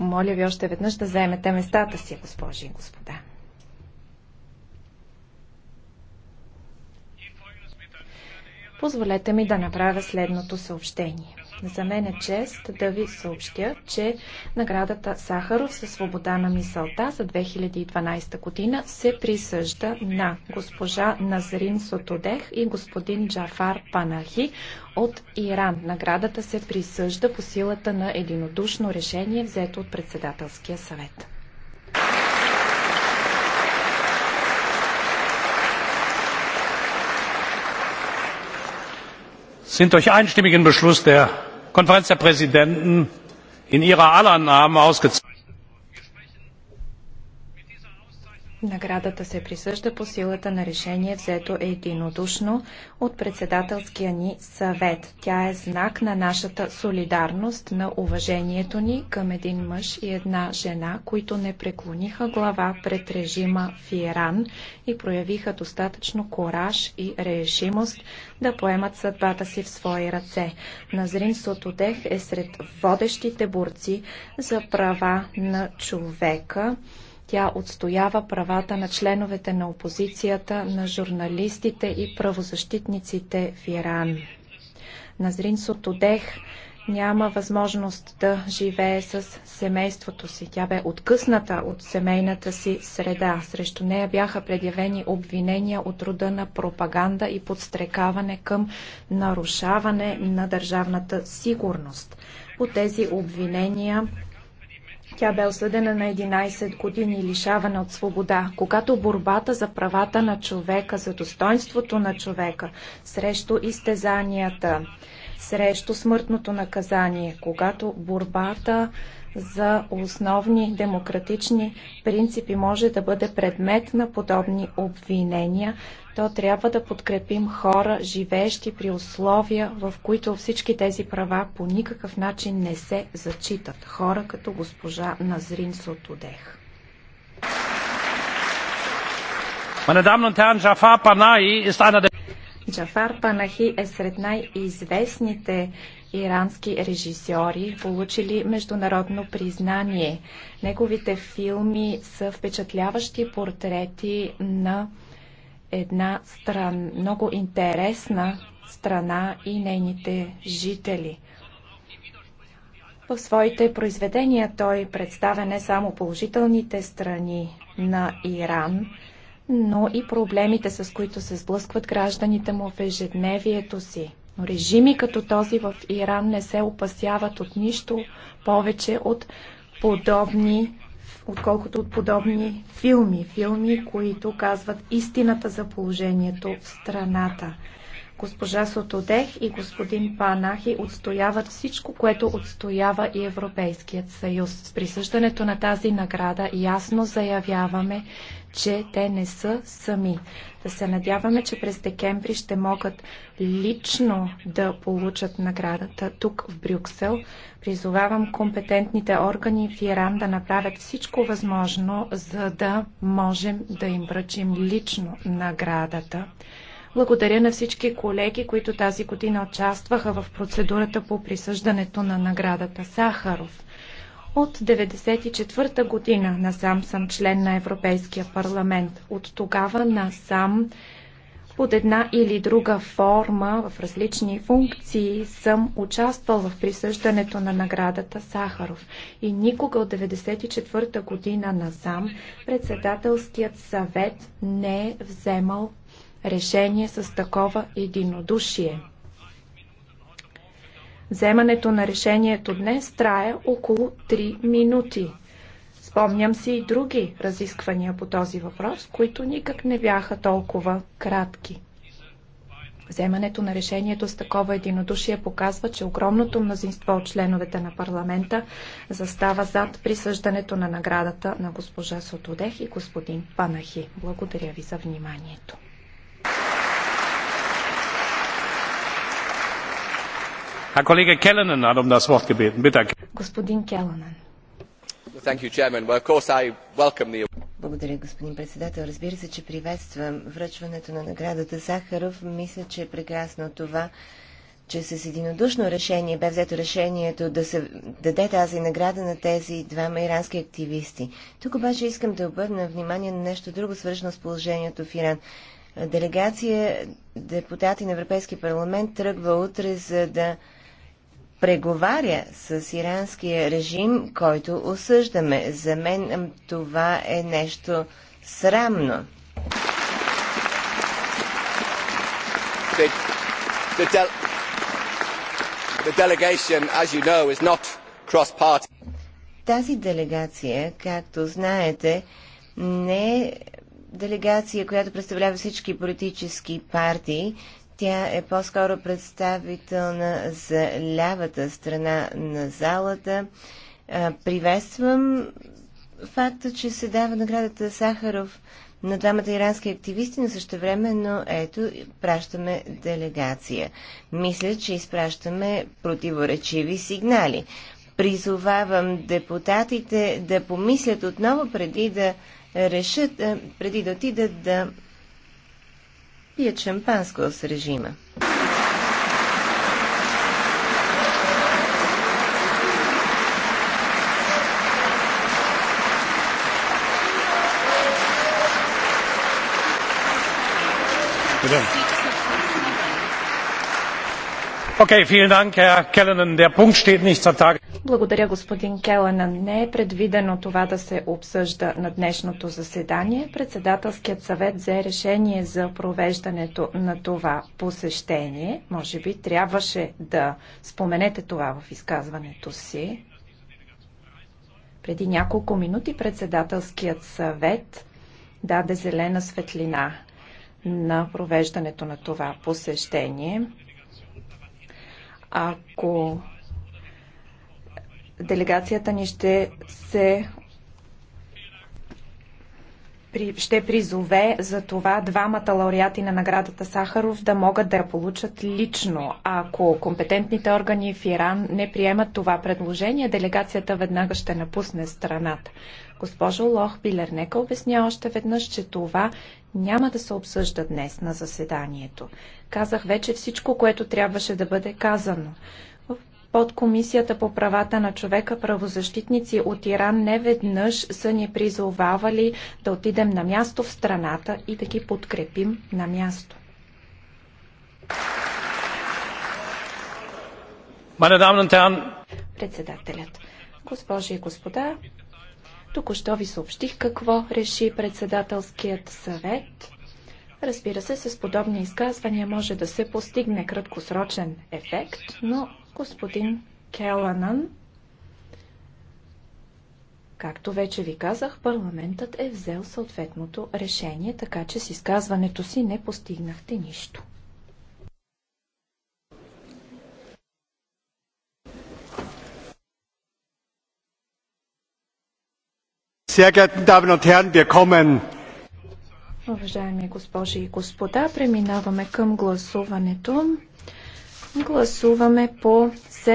Моля ви още веднъж да заемете местата си, госпожи и господа. Позволете ми да направя следното съобщение. За мен е чест да ви съобщя, че наградата Сахаров със свобода на мисълта за 2012 година се присъжда на госпожа Назрин Сотодех и господин Джафар Панахи от Иран. Наградата се присъжда по силата на единодушно решение, взето от председателския съвет. sind durch einstimmigen beschluss der konferenz der präsidenten in ihrer aller namen ausgezeichnet Наградата се присъжда по силата на решение, взето единодушно от председателския ни съвет. Тя е знак на нашата солидарност, на уважението ни към един мъж и една жена, които не преклониха глава пред режима в Иран и проявиха достатъчно кораж и решимост да поемат съдбата си в свои ръце. Назрин Сотодех е сред водещите борци за права на човека тя отстоява правата на членовете на опозицията, на журналистите и правозащитниците в Иран. Назрин Сотодех няма възможност да живее с семейството си. Тя бе откъсната от семейната си среда. Срещу нея бяха предявени обвинения от рода на пропаганда и подстрекаване към нарушаване на държавната сигурност. По тези обвинения тя бе осъдена на 11 години лишавана от свобода. Когато борбата за правата на човека, за достоинството на човека, срещу изтезанията, срещу смъртното наказание, когато борбата за основни демократични принципи може да бъде предмет на подобни обвинения, то трябва да подкрепим хора, живеещи при условия, в които всички тези права по никакъв начин не се зачитат. Хора като госпожа Назрин Сотодех. Джафар Панахи е сред най-известните ирански режисьори, получили международно признание. Неговите филми са впечатляващи портрети на една стран, много интересна страна и нейните жители. В своите произведения той представя не само положителните страни на Иран, но и проблемите, с които се сблъскват гражданите му в ежедневието си. Но режими като този в Иран не се опасяват от нищо повече от подобни отколкото от подобни филми. Филми, които казват истината за положението в страната. Госпожа Сотодех и господин Панахи отстояват всичко, което отстоява и Европейският съюз. С присъждането на тази награда ясно заявяваме, че те не са сами. Да се надяваме, че през декември ще могат лично да получат наградата тук в Брюксел. Призовавам компетентните органи в Иран да направят всичко възможно, за да можем да им връчим лично наградата. Благодаря на всички колеги, които тази година участваха в процедурата по присъждането на наградата Сахаров. От 1994-та година насам съм член на Европейския парламент. От тогава насам под една или друга форма, в различни функции, съм участвал в присъждането на наградата Сахаров. И никога от 1994 година насам председателският съвет не е вземал решение с такова единодушие. Вземането на решението днес трае около 3 минути. Спомням си и други разисквания по този въпрос, които никак не бяха толкова кратки. Вземането на решението с такова единодушие показва, че огромното мнозинство от членовете на парламента застава зад присъждането на наградата на госпожа Сотодех и господин Панахи. Благодаря ви за вниманието. herr kollege callanan hat um das wort gebeten. господин Благодаря, господин председател. Разбира се, че приветствам връчването на наградата Сахаров. Мисля, че е прекрасно това, че с единодушно решение бе взето решението да се даде тази награда на тези двама ирански активисти. Тук обаче искам да обърна внимание на нещо друго, свързано с положението в Иран. Делегация депутати на Европейския парламент тръгва утре, за да преговаря с иранския режим, който осъждаме. За мен това е нещо срамно. Тази делегация, както знаете, не е делегация, която представлява всички политически партии, тя е по-скоро представителна за лявата страна на залата. Приветствам факта, че се дава наградата Сахаров на двамата ирански активисти, но също време, но ето, пращаме делегация. Мисля, че изпращаме противоречиви сигнали. Призовавам депутатите да помислят отново преди да решат, преди да отидат да пият шампанско с режима. Okay, vielen Dank, Herr Kellenen. Der Punkt steht nicht zur Tagesordnung. Благодаря, господин Келана, Не е предвидено това да се обсъжда на днешното заседание. Председателският съвет взе решение за провеждането на това посещение. Може би трябваше да споменете това в изказването си. Преди няколко минути председателският съвет даде зелена светлина на провеждането на това посещение. Ако делегацията ни ще се ще призове за това двамата лауреати на наградата Сахаров да могат да я получат лично. Ако компетентните органи в Иран не приемат това предложение, делегацията веднага ще напусне страната. Госпожо Лох Билер, нека обясня още веднъж, че това няма да се обсъжда днес на заседанието. Казах вече всичко, което трябваше да бъде казано. Под Комисията по правата на човека правозащитници от Иран не веднъж са ни призовавали да отидем на място в страната и да ги подкрепим на място. Председателят. Госпожи и господа, току-що ви съобщих какво реши председателският съвет. Разбира се, с подобни изказвания може да се постигне краткосрочен ефект, но Господин Келанан, както вече ви казах, парламентът е взел съответното решение, така че с изказването си не постигнахте нищо. Уважаеми госпожи и господа, преминаваме към гласуването. Гласуваме по